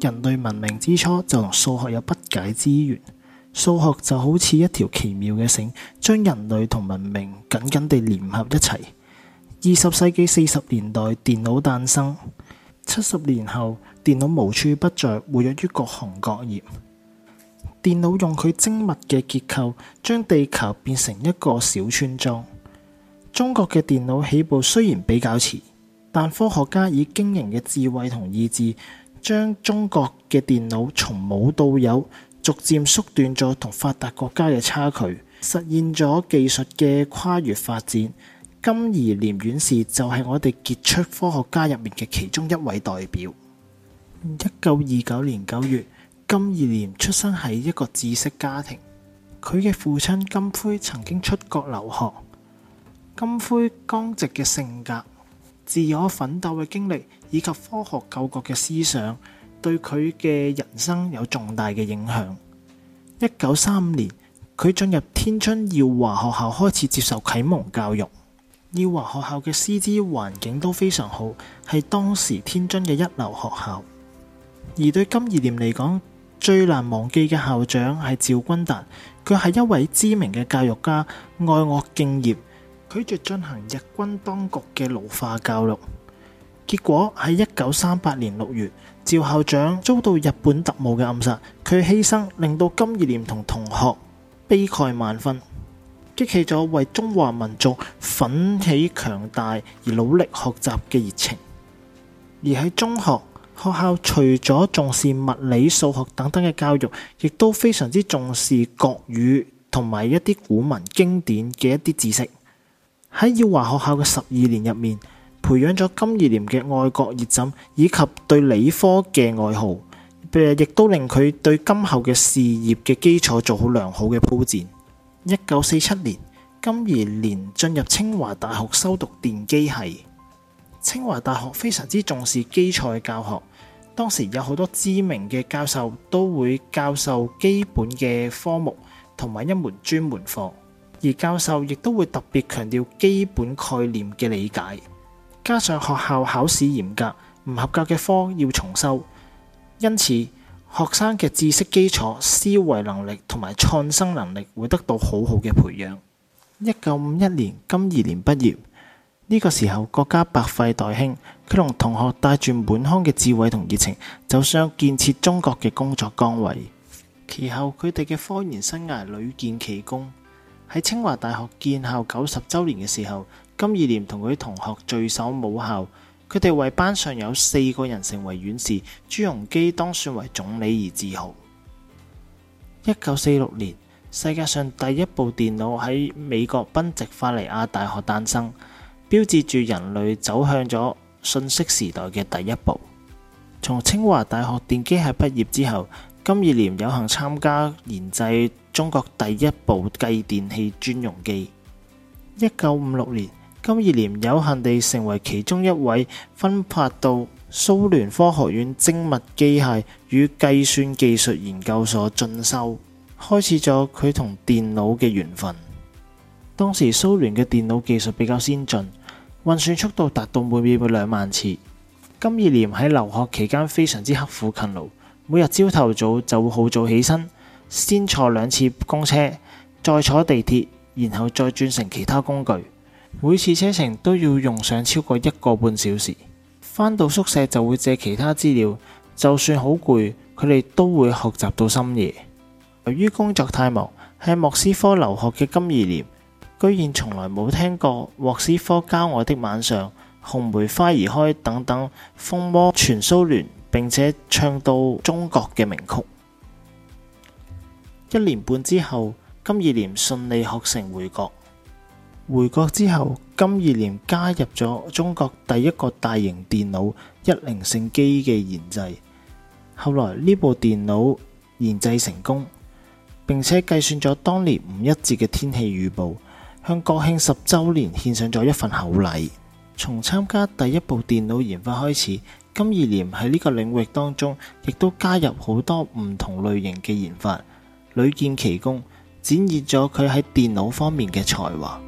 人類文明之初就同數學有不解之緣，數學就好似一條奇妙嘅繩，將人類同文明緊緊地聯合一齊。二十世紀四十年代，電腦誕生，七十年後，電腦無處不在，活躍於各行各業。電腦用佢精密嘅結構，將地球變成一個小村莊。中國嘅電腦起步雖然比較遲，但科學家以驚人嘅智慧同意志。將中國嘅電腦從冇到有，逐漸縮短咗同發達國家嘅差距，實現咗技術嘅跨越發展。金怡濂院士就係我哋傑出科學家入面嘅其中一位代表。一九二九年九月，金怡濂出生喺一個知識家庭，佢嘅父親金輝曾經出國留學。金輝剛直嘅性格，自我奮鬥嘅經歷以及科學救國嘅思想，對佢嘅人生有重大嘅影響。一九三五年，佢進入天津耀華學校開始接受啟蒙教育。耀華學校嘅師資環境都非常好，係當時天津嘅一流學校。而對金怡濂嚟講，最難忘記嘅校長係趙君達，佢係一位知名嘅教育家，愛惡敬業。拒絕進行日軍當局嘅奴化教育，結果喺一九三八年六月，趙校長遭到日本特務嘅暗殺。佢犧牲令到金怡濂同同學悲慨萬分，激起咗為中華民族奮起強大而努力學習嘅熱情。而喺中學學校，除咗重視物理、數學等等嘅教育，亦都非常之重視國語同埋一啲古文經典嘅一啲知識。喺耀華學校嘅十二年入面，培養咗金怡濂嘅愛國熱忱以及對理科嘅愛好，亦都令佢對今後嘅事業嘅基礎做好良好嘅鋪墊。一九四七年，金怡濂進入清華大學修讀電機係。清華大學非常之重視基礎嘅教學，當時有好多知名嘅教授都會教授基本嘅科目同埋一門專門課。而教授亦都會特別強調基本概念嘅理解，加上學校考試嚴格，唔合格嘅科要重修，因此學生嘅知識基礎、思維能力同埋創新能力會得到好好嘅培養。一九五一年，金怡濂畢業呢，這個時候，國家百廢待興，佢同同學帶住滿腔嘅智慧同熱情，走上建設中國嘅工作崗位。其後佢哋嘅科研生涯屢建奇功。喺清華大學建校九十周年嘅時候，金怡濂同佢同學聚首母校，佢哋為班上有四個人成為院士，朱鎔基當選為總理而自豪。一九四六年，世界上第一部電腦喺美國賓夕法尼亞大學誕生，標誌住人類走向咗信息時代嘅第一步。從清華大學電機系畢業之後。金怡濂有幸參加研製中國第一部繼電器專用機。一九五六年，金怡濂有幸地成為其中一位分派到蘇聯科學院精密機械與計算技術研究所進修，開始咗佢同電腦嘅緣分。當時蘇聯嘅電腦技術比較先進，運算速度達到每秒每兩萬次。金怡濂喺留學期間非常之刻苦勤勞。每日朝頭早就會好早起身，先坐兩次公車，再坐地鐵，然後再轉乘其他工具。每次車程都要用上超過一個半小時。返到宿舍就會借其他資料，就算好攰，佢哋都會學習到深夜。由於工作太忙，喺莫斯科留學嘅金二年，居然從來冇聽過莫斯科郊外的晚上，紅梅花兒開等等風靡全蘇聯。並且唱到中國嘅名曲。一年半之後，金怡濂順利學成回國。回國之後，金怡濂加入咗中國第一個大型電腦——一零勝機嘅研製。後來呢部電腦研製成功，並且計算咗當年五一節嘅天氣預報，向國慶十周年獻上咗一份厚禮。從參加第一部電腦研發開始。金怡濂喺呢個領域當中，亦都加入好多唔同類型嘅研發，屢見奇功，展現咗佢喺電腦方面嘅才華。